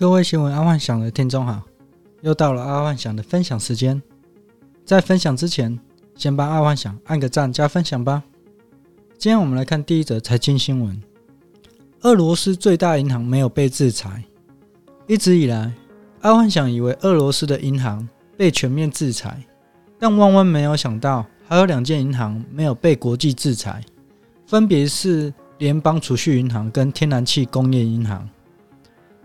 各位新聞阿幻想的聽眾好，又到了阿幻想的分享時間。在分享之前，先幫阿幻想按個讚加分享吧。今天我們來看第一則財經新聞：俄羅斯最大銀行沒有被制裁。一直以來，阿幻想以為俄羅斯的銀行被全面制裁，但萬萬沒有想到，還有兩間銀行沒有被國際制裁，分別是聯邦儲蓄銀行跟天然氣工業銀行。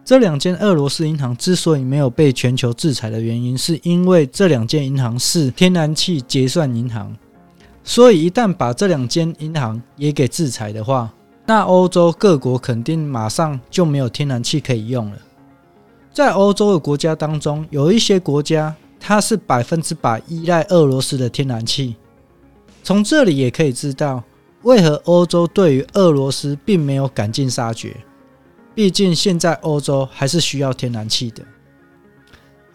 這兩間俄羅斯銀行之所以沒有被全球制裁的原因，是因為這兩間銀行是天然氣結算銀行。所以，一旦把這兩間銀行也給制裁的話，那歐洲各國肯定馬上就沒有天然氣可以用了。在歐洲的國家當中，有一些國家它是百分之百依賴俄羅斯的天然氣。從這裡也可以知道，為何歐洲對於俄羅斯並沒有趕盡殺絕。畢竟現在歐洲還是需要天然氣的，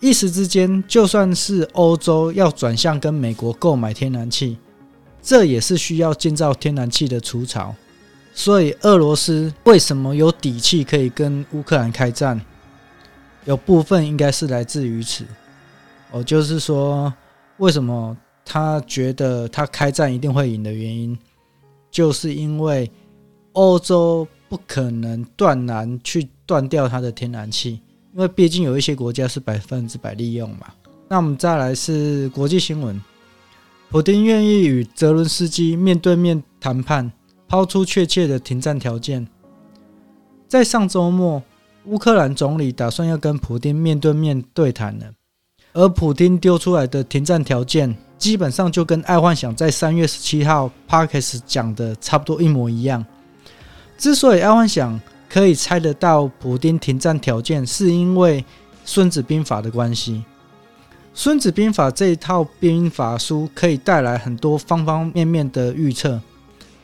一時之間，就算是歐洲要轉向跟美國購買天然氣，這也是需要建造天然氣的儲槽。所以，俄羅斯為什麼有底氣可以跟烏克蘭開戰？有部分應該是來自於此。我、哦、就是說，為什麼他覺得他開戰一定會贏的原因，就是因為歐洲。不可能斷然去斷掉它的天然氣，因為畢竟有一些國家是百分之百利用嘛。那我們再來是國際新聞，普丁願意與澤倫斯基面對面談判，拋出確切的停戰條件。在上周末，烏克蘭總理打算要跟普丁面對面對談了，而普丁丟出來的停戰條件，基本上就跟愛幻想在三月十七號 Parks 講的差不多一模一樣。之所以愛幻想可以猜得到普丁停戰條件，是因為孫子兵法的關係，《孫子兵法》的關係。《孫子兵法》這一套兵法書可以帶來很多方方面面的預測。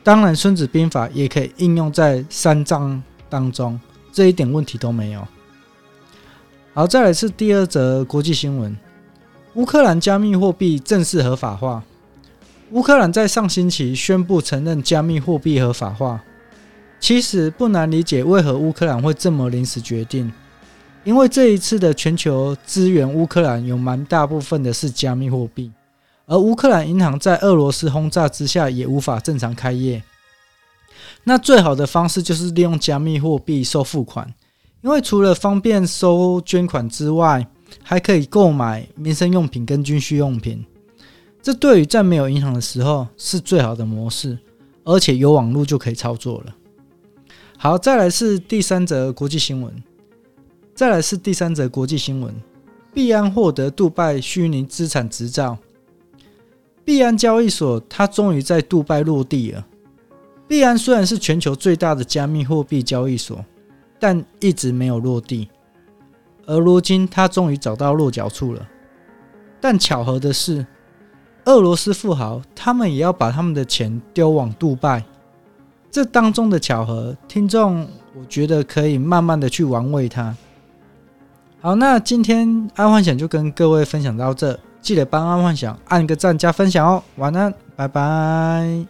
當然，《孫子兵法》也可以應用在三藏當中，這一點問題都沒有。好，再來是第二則國際新聞：烏克蘭加密貨幣正式合法化。烏克蘭在上星期宣布承認加密貨幣合法化。其實不難理解為何烏克蘭會這麼臨時決定，因為這一次的全球資源，烏克蘭有蠻大部分的是加密貨幣，而烏克蘭銀行在俄羅斯轟炸之下也無法正常開業。那最好的方式就是利用加密貨幣收付款，因為除了方便收捐款之外，還可以購買民生用品跟軍需用品。這對於在沒有銀行的時候是最好的模式，而且有網絡就可以操作了。好，再來是第三則國際新聞。再來是第三則國際新聞。幣安獲得杜拜虛擬資產執照，幣安交易所它終於在杜拜落地了。幣安雖然是全球最大的加密貨幣交易所，但一直沒有落地，而如今它終於找到落腳處了。但巧合的是，俄羅斯富豪他們也要把他們的錢丟往杜拜。這當中的巧合，聽眾，我覺得可以慢慢的去玩味它。好，那今天愛幻想就跟各位分享到這，記得幫愛幻想按個讚加分享哦。晚安，拜拜。